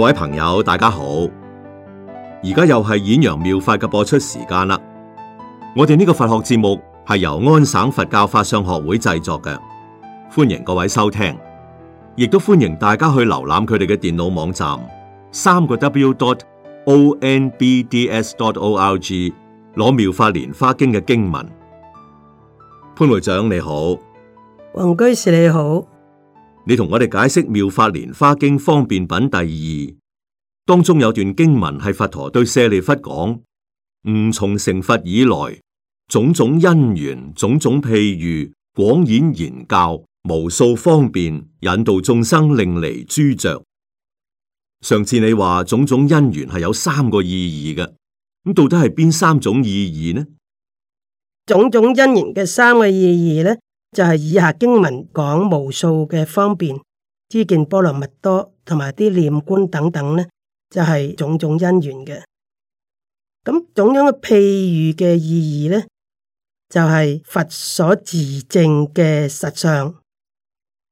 各位朋友，大家好！而家又係演揚妙法嘅播出時間啦。我哋呢個佛學節目係由安省佛教法相學會製作嘅，歡迎各位收聽，亦都歡迎大家去瀏覽佢哋嘅電腦網站，三個 W dot O N B D S dot O L G 攞妙法蓮華經嘅經文。潘會長你好，黃居士你好。你同我哋解釋《妙法蓮華經方便品》第二當中有段經文係佛陀對舍利弗講：吾從成佛以來，種種因緣，種種譬喻，廣演言教，無數方便，引導眾生，令離諸著。上次你話種種因緣係有三個意義嘅，咁到底係邊三種意義呢？種種因緣嘅三個意義呢？就係以下經文講無數嘅方便，知見波羅蜜多同埋啲念觀等等呢就係、是、種種因緣嘅。咁種種嘅譬喻嘅意義呢，就係、是、佛所自證嘅實相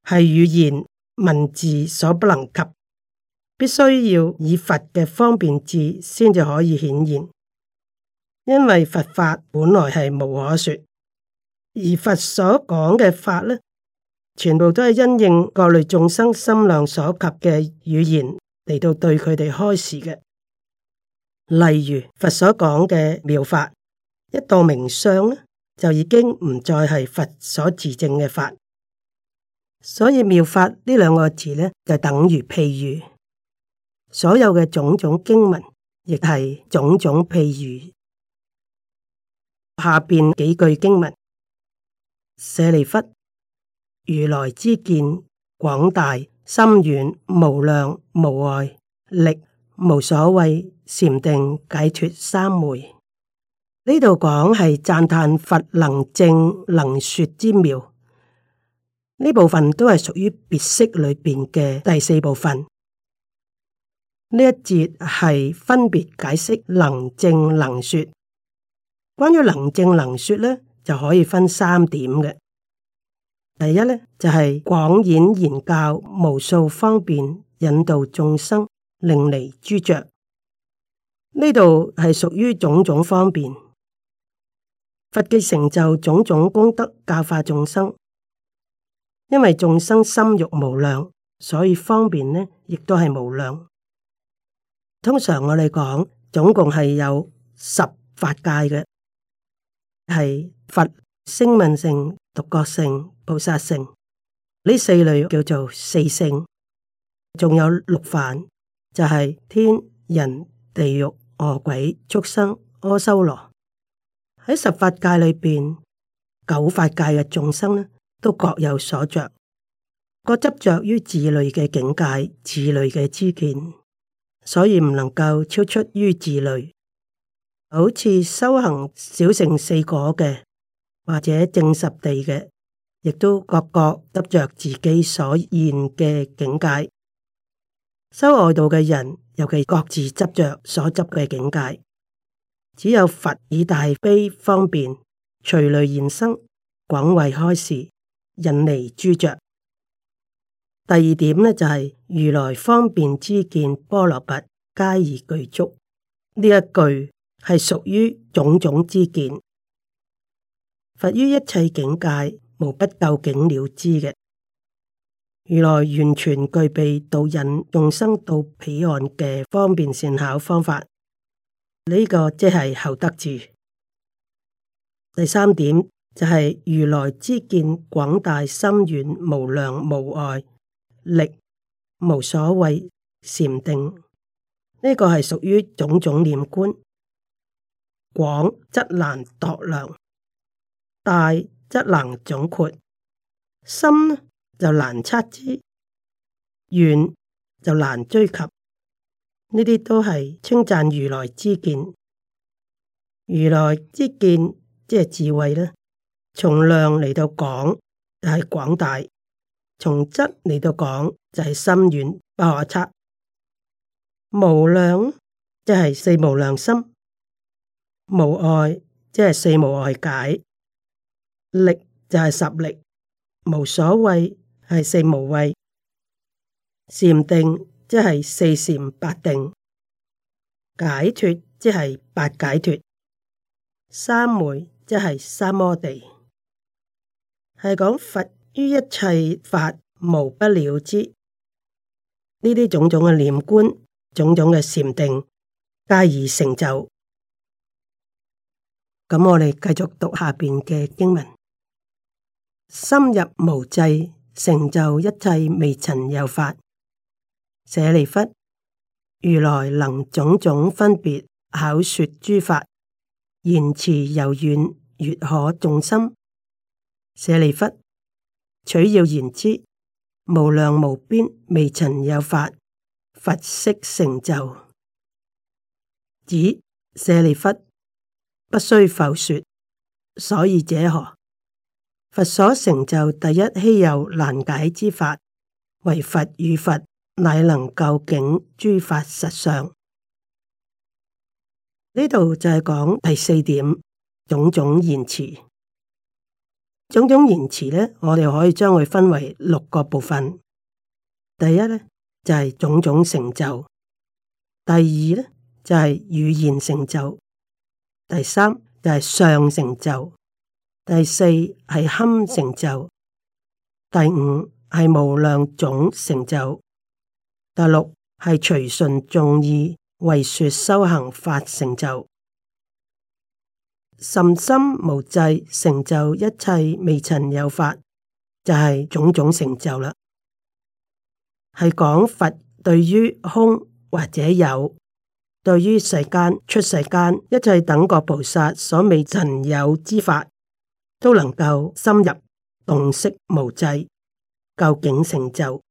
係語言文字所不能及，必須要以佛嘅方便智先至可以顯現。因為佛法本來係無可說。而佛所講嘅法呢，全部都係因應各類眾生心量所及嘅語言嚟到對佢哋開示嘅。例如佛所講嘅妙法，一到名相咧，就已經唔再係佛所持證嘅法。所以妙法呢兩個字呢，就等於譬喻。所有嘅種種經文，亦係種種譬喻。下面幾句經文。舍利弗，如來知見廣大深遠，無量無礙，力無所畏，禪定解脱三昧。呢度講係讚歎佛能證能說之妙。呢部分都係屬於別釋裏邊嘅第四部分。呢一節係分別解釋能證能說。關於能證能說呢，就可以分三點嘅。第一呢，就係、是、廣演言教，無數方便引導眾生，令離諸著。呢度係屬於種種方便，佛嘅成就種種功德，教化眾生。因為眾生心欲無量，所以方便呢亦都係無量。通常我哋講，總共係有十法界嘅，係。佛、聲聞性、獨覺性、菩薩性呢四類叫做四性，仲有六凡，就係、是、天、人、地獄、餓鬼、畜生、阿修羅。喺十法界裏面，九法界嘅眾生都各有所着，各執着於自類嘅境界、自類嘅知見，所以唔能夠超出於自類。好似修行小乘四果嘅，或者正十地嘅，亦都各各執着自己所現嘅境界。修外道嘅人，尤其各自執着所執嘅境界。只有佛以大悲方便，隨類現身，廣為開示，引離諸著。第二點呢，就係、是、如來方便之見波羅蜜，皆以具足。呢一句係屬於種種之見。佛於一切境界，無不究竟了知。嘅。如來完全具備導引眾生到彼岸嘅方便善巧方法，呢、這個即係後得智。第三點就係、是、如來知見廣大深遠，無量無礙，力無所畏，禪定呢、這個係屬於種種念觀，廣則難度量。大則能總括，深就難測之，遠就難追及。呢啲都係稱讚如來之見。如來之見即係智慧啦。從量嚟到講就係、是、廣大，從質嚟到講就係、是、深遠不可測。無量即係四無量心，無礙即係四無礙解。力就係十力，無所畏係四無畏，禪定即係四禪八定，解脫即係八解脫，三昧即係三摩地，係講佛於一切法無不了知。呢啲種種嘅念觀、種種嘅禪定皆已成就。咁我哋繼續讀下邊嘅經文。深入無際，成就一切未曾有法。舍利弗，如來能種種分別巧說諸法，言辭柔軟，悅可眾心。舍利弗，取要言之，無量無邊未曾有法，佛悉成就。止舍利弗，不須復說。所以者何？佛所成就第一稀有難解之法，唯佛與佛乃能究竟諸法實相。呢度就係講第四點，種種言辭。種種言辭呢，我哋可以將佢分為六個部分。第一呢，就係、是、種種成就，第二呢，就係、是、語言成就，第三就係相成就。第四係堪成就，第五係無量種成就，第六係隨順眾意為說修行法成就，甚深無際成就一切未曾有法，就係、是、種種成就啦。係講佛對於空或者有，對於世間出世間一切等覺菩薩所未曾有之法。都能夠深入洞悉無際，究竟成就。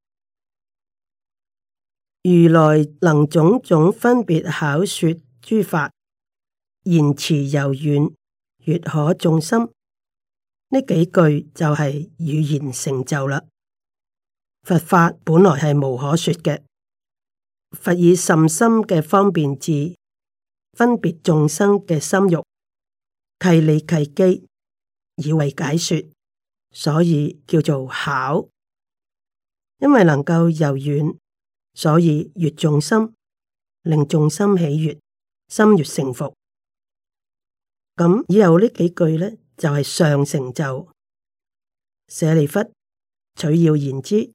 如來能種種分別巧說諸法，言辭柔軟，悅可眾心。呢幾句就係語言成就啦。佛法本來係無可說嘅，佛以甚深嘅方便智，分別眾生嘅心欲，契理契機。以為解說，所以叫做巧。因為能夠柔軟，所以悅眾心，令眾心喜悅，心悅誠服。咁以後呢幾句咧，就係、是、上成就。舍利弗，取要言之，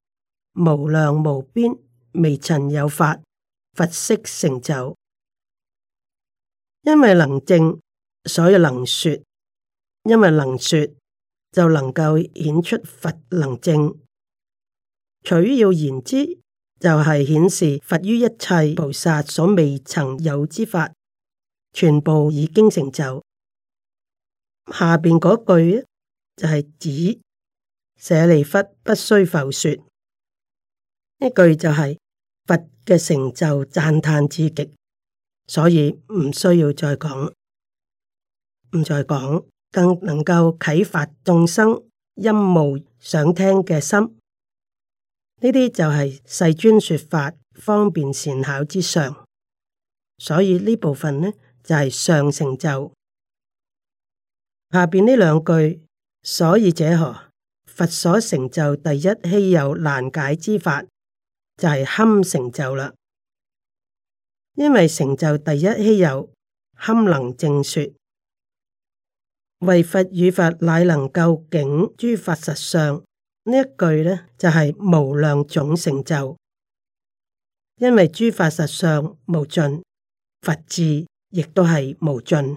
無量無邊，未曾有法，佛悉成就。因為能證，所以能說。因為能說就能夠顯出佛能證，取要言之，就係、是、顯示佛於一切菩薩所未曾有之法，全部已經成就。下面嗰句就係、是、指舍利弗不需浮說，呢句就係、是、佛嘅成就讚歎至極，所以唔需要再講，唔再講。更能夠啟發眾生因無想聽嘅心，呢啲就係世尊說法方便善巧之上，所以呢部分呢就係、是、上成就。下邊呢兩句，所以者何？佛所成就第一稀有難解之法就係、是、堪成就啦，因為成就第一稀有堪能正說。為佛與佛乃能夠究竟諸法實相呢一句呢就係、是、無量種成就，因為諸法實相無盡，佛智亦都係無盡，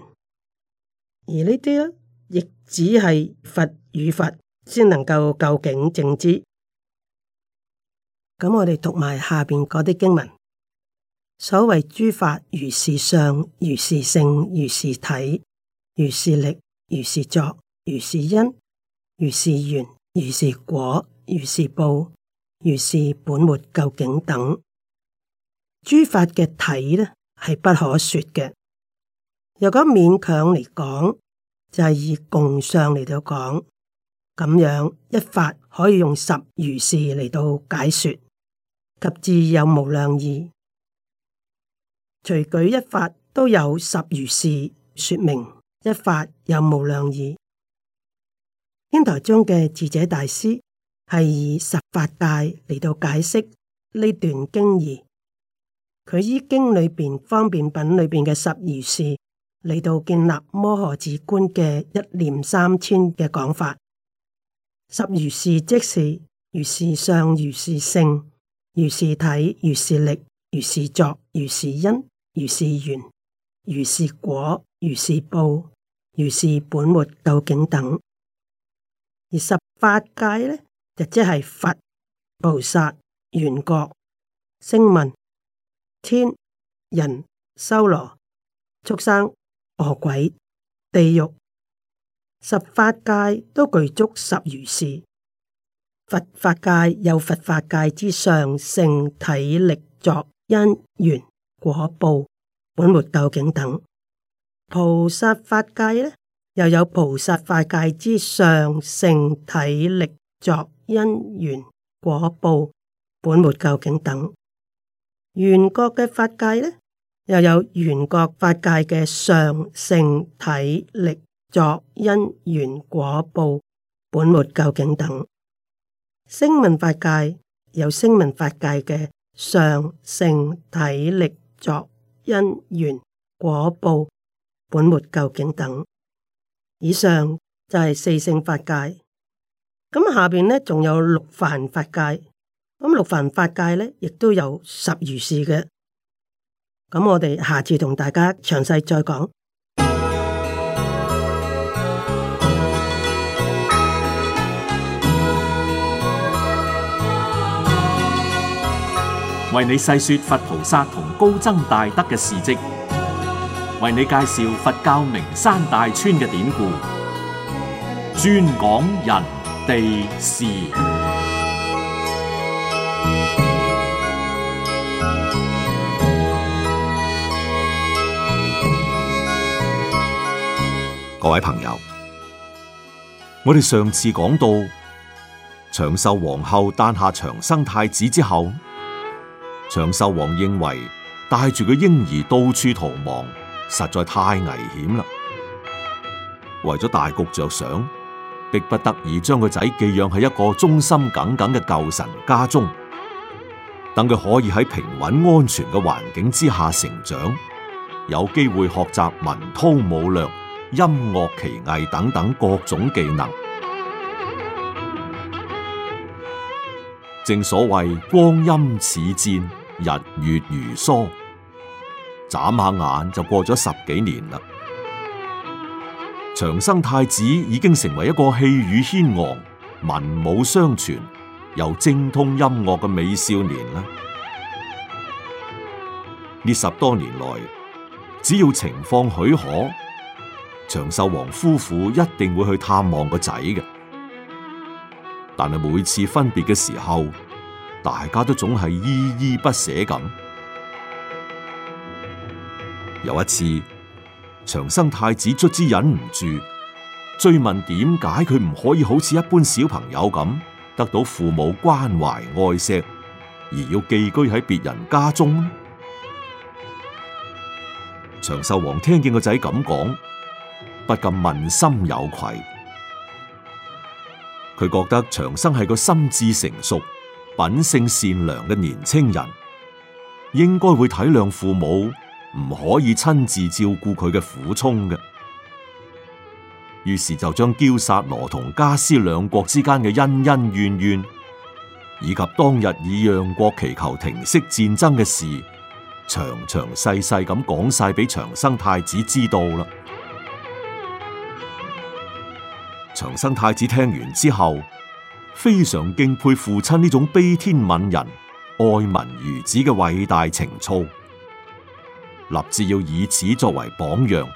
而呢啲啊，亦只係佛與佛先能夠究竟正知。咁我哋讀埋下邊嗰啲經文，所謂諸法如是相，如是性，如是體，如是力。如是作，如是因，如是緣，如是果，如是報，如是本末究竟等，諸法嘅體呢係不可說嘅。如果勉強嚟講，就係、是、以共相嚟到講，咁樣一法可以用十如是嚟到解說，及至有無量義。隨舉一法都有十如是說明。一法有無量義。天台宗嘅智者大師係以十法界嚟到解釋呢段經義，佢依經裏邊方便品裏邊嘅十如是嚟到建立摩訶止觀嘅一念三千嘅講法。十如是即是如是相、如是性、如是體、如是力、如是作、如是因、如是緣、如是果、如是報。如是本末究竟等，而十法界呢，就即係佛、菩薩、緣覺、聲聞、天、人、修羅、畜生、餓鬼、地獄，十法界都具足十如是。佛法界有佛法界之上性體力作因緣果報本末究竟等。菩薩法界呢，又有菩薩法界之上性體力作因緣果報本末究竟等。緣覺嘅法界呢，又有緣覺法界嘅上性體力作因緣果報本末究竟等。聲聞法界有聲聞法界嘅上性體力作因緣果報。本末究竟等，以上就係四聖法界。咁下邊呢，仲有六凡法界。咁六凡法界呢，亦都有十如是嘅。咁我哋下次同大家詳細再講。為你細說佛菩薩同高僧大德嘅事跡。為你介紹佛教名山大川嘅典故，專講人地事。各位朋友，我哋上次講到長壽皇后誕下長生太子之後，長壽王認為帶住個嬰兒到處逃亡。實在太危險啦！為咗大局着想，迫不得已將個仔寄養喺一個忠心耿耿嘅舊臣家中，等佢可以喺平穩安全嘅環境之下成長，有機會學習文韜武略、音樂奇藝等等各種技能。正所謂光陰似箭，日月如梭。眨下眼就過咗十幾年啦，長生太子已經成為一個氣宇軒昂、文武雙全、又精通音樂嘅美少年啦。呢十多年來，只要情況許可，長壽王夫婦一定會去探望個仔嘅。但係每次分別嘅時候，大家都總係依依不捨咁。有一次，長生太子卒之忍唔住追問點解佢唔可以好似一般小朋友咁，得到父母關懷愛錫，而要寄居喺別人家中？長壽王聽見個仔咁講，不禁問心有愧。佢覺得長生係個心智成熟、品性善良嘅年青人，應該會體諒父母。唔可以親自照顧佢嘅苦衷嘅，於是就將憍薩羅同加斯兩國之間嘅恩恩怨怨，以及當日以讓國祈求停息戰爭嘅事，詳詳細細咁講晒俾長生太子知道啦。長生太子聽完之後，非常敬佩父親呢種悲天憫人、愛民如子嘅偉大情操。立志要以此作為榜樣。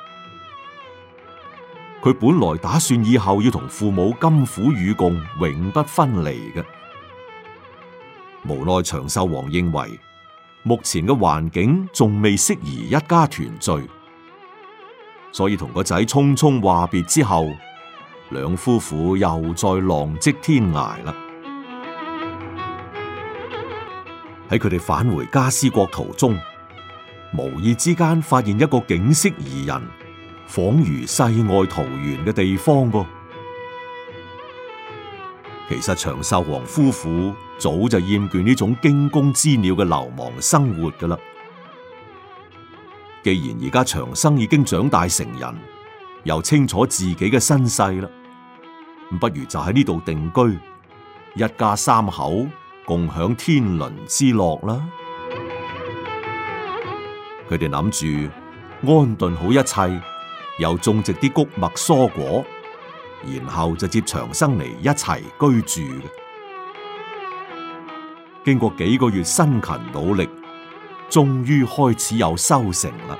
佢本來打算以後要同父母甘苦與共，永不分離嘅。無奈長壽王認為目前嘅環境仲未適宜一家團聚，所以同個仔匆匆話別之後，兩夫婦又再浪跡天涯啦。喺佢哋返回迦尸國途中，無意之間發現一個景色宜人、仿如世外桃源嘅地方噃。其實長壽王夫婦早就厭倦呢種驚弓之鳥嘅流亡生活噶啦。既然而家長生已經長大成人，又清楚自己嘅身世啦，不如就喺呢度定居，一家三口共享天倫之樂啦。佢哋諗住安頓好一切，又種植啲穀物蔬果，然後就接長生嚟一齊居住嘅。經過幾個月辛勤努力，終於開始有收成啦。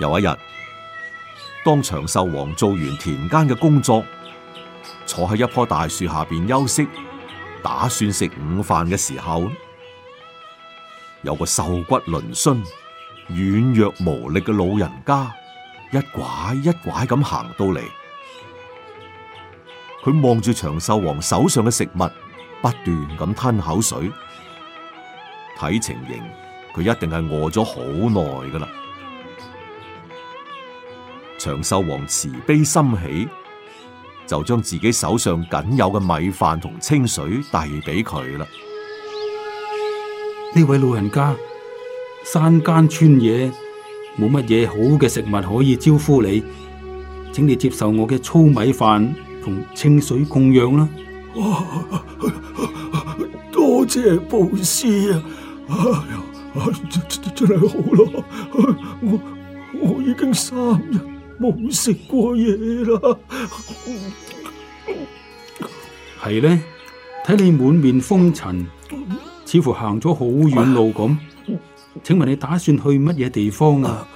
有一日，當長壽王做完田間嘅工作，坐喺一棵大樹下邊休息，打算食午飯嘅時候。有個瘦骨嶙峋、軟弱無力嘅老人家，一拐一拐咁行到嚟。佢望住長壽王手上嘅食物，不斷咁吞口水。睇情形，佢一定係餓咗好耐噶啦。長壽王慈悲心起，就將自己手上僅有嘅米飯同清水遞俾佢啦。呢位老人家，山間村野冇乜嘢好嘅食物可以招呼你，請你接受我嘅粗米飯同清水供養啦。多謝布施啊！真真係好咯，我我已經三日冇食過嘢啦。係咧，睇你滿面風塵。似乎行咗好遠路咁。啊、請問你打算去乜嘢地方啊？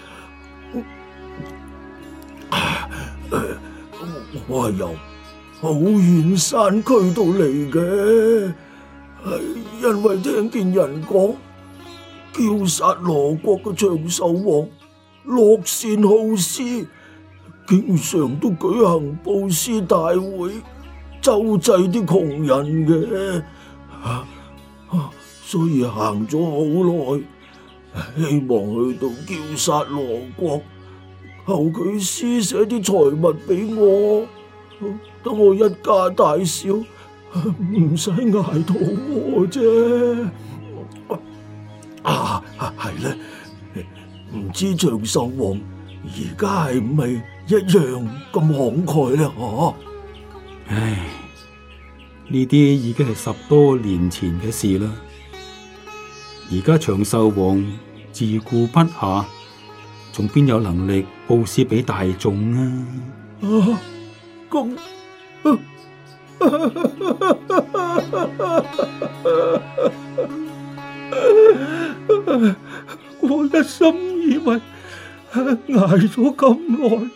我係由好遠山區度嚟嘅因為聽見人講，叫殺羅國嘅長壽王，樂善好施，經常都舉行布施大會，周濟啲窮人嘅。啊所以行咗好耐，希望去到憍薩羅國，求佢施捨啲財物俾我，等我一家大小唔使挨肚餓啫。啊，係咧，唔知長壽王而家係咪一樣咁慷慨咧？哦，唉，呢啲已經係十多年前嘅事啦。而家長壽王自顧不暇，仲邊有能力布施俾大眾啊？啊 我一心以為捱咗咁耐，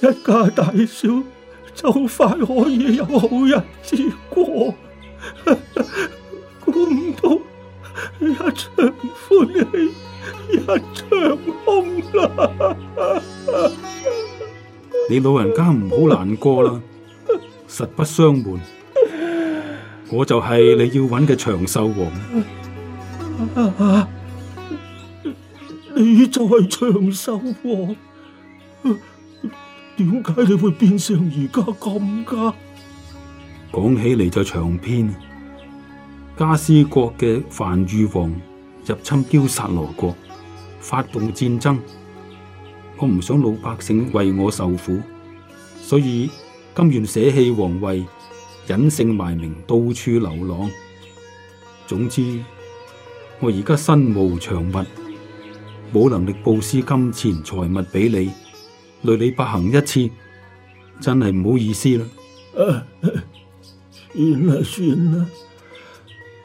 一家大小就快可以有好日子過，估 唔到。一場歡喜，一場空啦！ 你老人家唔好難過啦， 實不相瞞，我就係你要揾嘅長壽王。 你就係長壽王，點 解你會變成而家咁噶？講起嚟就長篇。加斯國嘅梵豫王入侵憍薩羅國，發動戰爭。我唔想老百姓為我受苦，所以甘願捨棄皇位，隱姓埋名到處流浪。總之，我而家身無長物，冇能力布施金錢財物俾你，累你白行一次，真係唔好意思啦，啊。啊，算啦，算啦。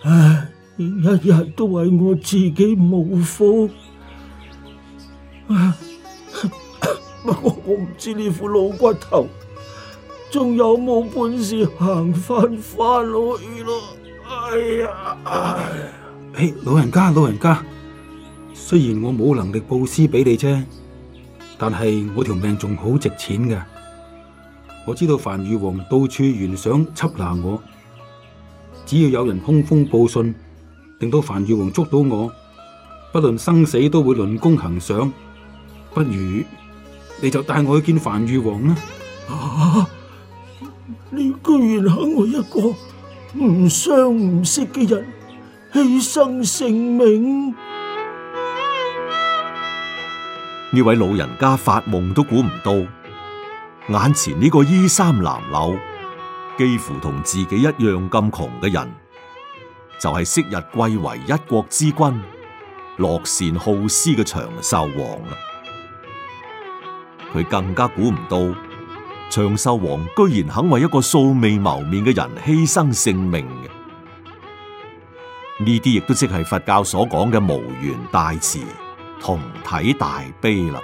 唉，一日都為我自己冇福。不過我唔知呢副老骨頭仲有冇本事行翻翻去咯。哎呀！哎，老人家，老人家，雖然我冇能力布施俾你啫，但係我條命仲好值錢噶。我知道梵豫王到處懸賞緝拿我。只要有人通風報信，令到梵豫王捉到我，不論生死都會論功行賞。不如你就帶我去見梵豫王啦！啊！你居然肯為一個唔相唔識嘅人犧牲性命？呢位老人家發夢都估唔到，眼前呢個衣衫襤褸。幾乎同自己一樣咁窮嘅人，就係昔日貴為一國之君、樂善好施嘅長壽王啦。佢更加估唔到長壽王居然肯為一個素未謀面嘅人犧牲性命嘅。呢啲亦都即係佛教所講嘅無緣大慈、同體大悲啦。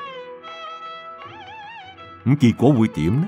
咁結果會點呢？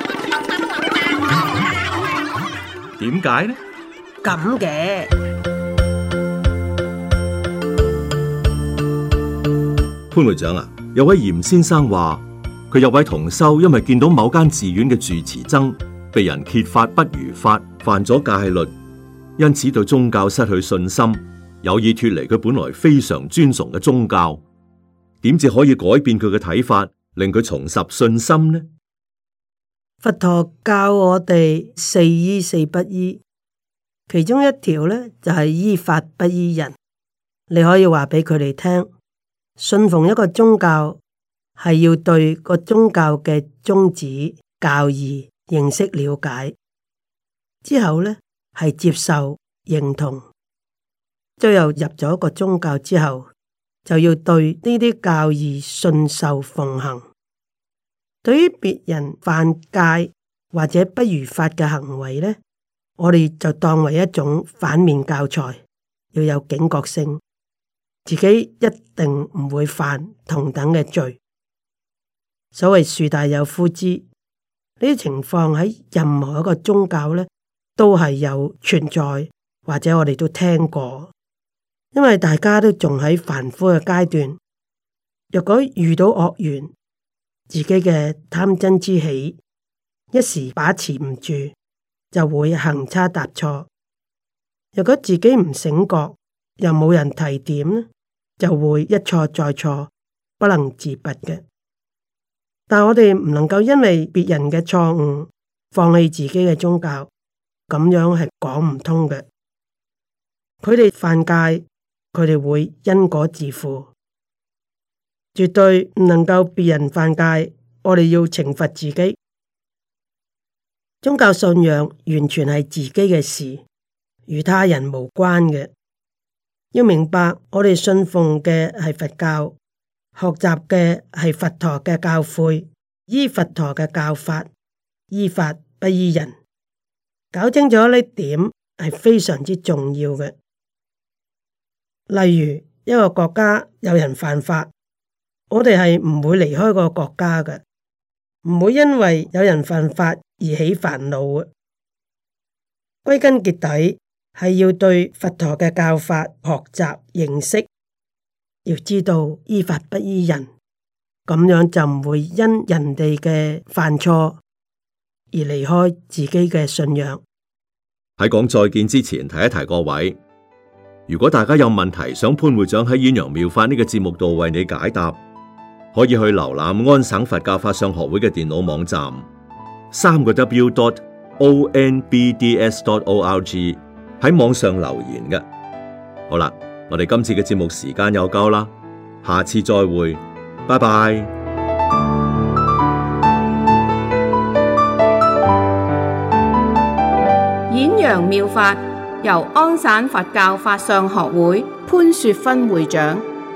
點解呢？咁嘅，潘會長啊，有位嚴先生話佢有位同修，因為見到某間寺院嘅住持僧被人揭發不如法，犯咗戒律，因此對宗教失去信心，有意脫離佢本來非常尊崇嘅宗教。點至可以改變佢嘅睇法，令佢重拾信心呢？佛陀教我哋四依四不依，其中一條呢就係、是、依法不依人。你可以話畀佢哋聽，信奉一個宗教係要對個宗教嘅宗旨、教義認識了解，之後呢係接受認同。最後入咗一個宗教之後，就要對呢啲教義信受奉行。對於別人犯戒或者不如法嘅行為呢，我哋就當為一種反面教材，要有警覺性，自己一定唔會犯同等嘅罪。所謂樹大有枯枝，呢啲情況喺任何一個宗教呢，都係有存在，或者我哋都聽過，因為大家都仲喺凡夫嘅階段，若果遇到惡緣。自己嘅貪嗔痴起，一時把持唔住，就會行差踏錯。如果自己唔醒覺，又冇人提點，就會一錯再錯，不能自拔嘅。但我哋唔能夠因為別人嘅錯誤，放棄自己嘅宗教，咁樣係講唔通嘅。佢哋犯戒，佢哋會因果自負。絕對唔能夠別人犯戒，我哋要懲罰自己。宗教信仰完全係自己嘅事，與他人無關嘅。要明白我哋信奉嘅係佛教，學習嘅係佛陀嘅教誨，依佛陀嘅教法，依法不依人。搞清楚呢點係非常之重要嘅。例如一個國家有人犯法。我哋係唔會離開個國家嘅，唔會因為有人犯法而起煩惱嘅。歸根結底係要對佛陀嘅教法學習認識，要知道依法不依人，咁樣就唔會因人哋嘅犯錯而離開自己嘅信仰。喺講再見之前，提一提各位，如果大家有問題，想潘會長喺《演揚妙，妙法》呢、這個節目度為你解答。可以去瀏覽安省佛教法相學會嘅電腦網站，三個 w.dot.o.n.b.d.s.dot.o.r.g 喺網上留言嘅。好啦，我哋今次嘅節目時間又夠啦，下次再會，拜拜。演揚妙法由安省佛教法相學會潘雪芬會長。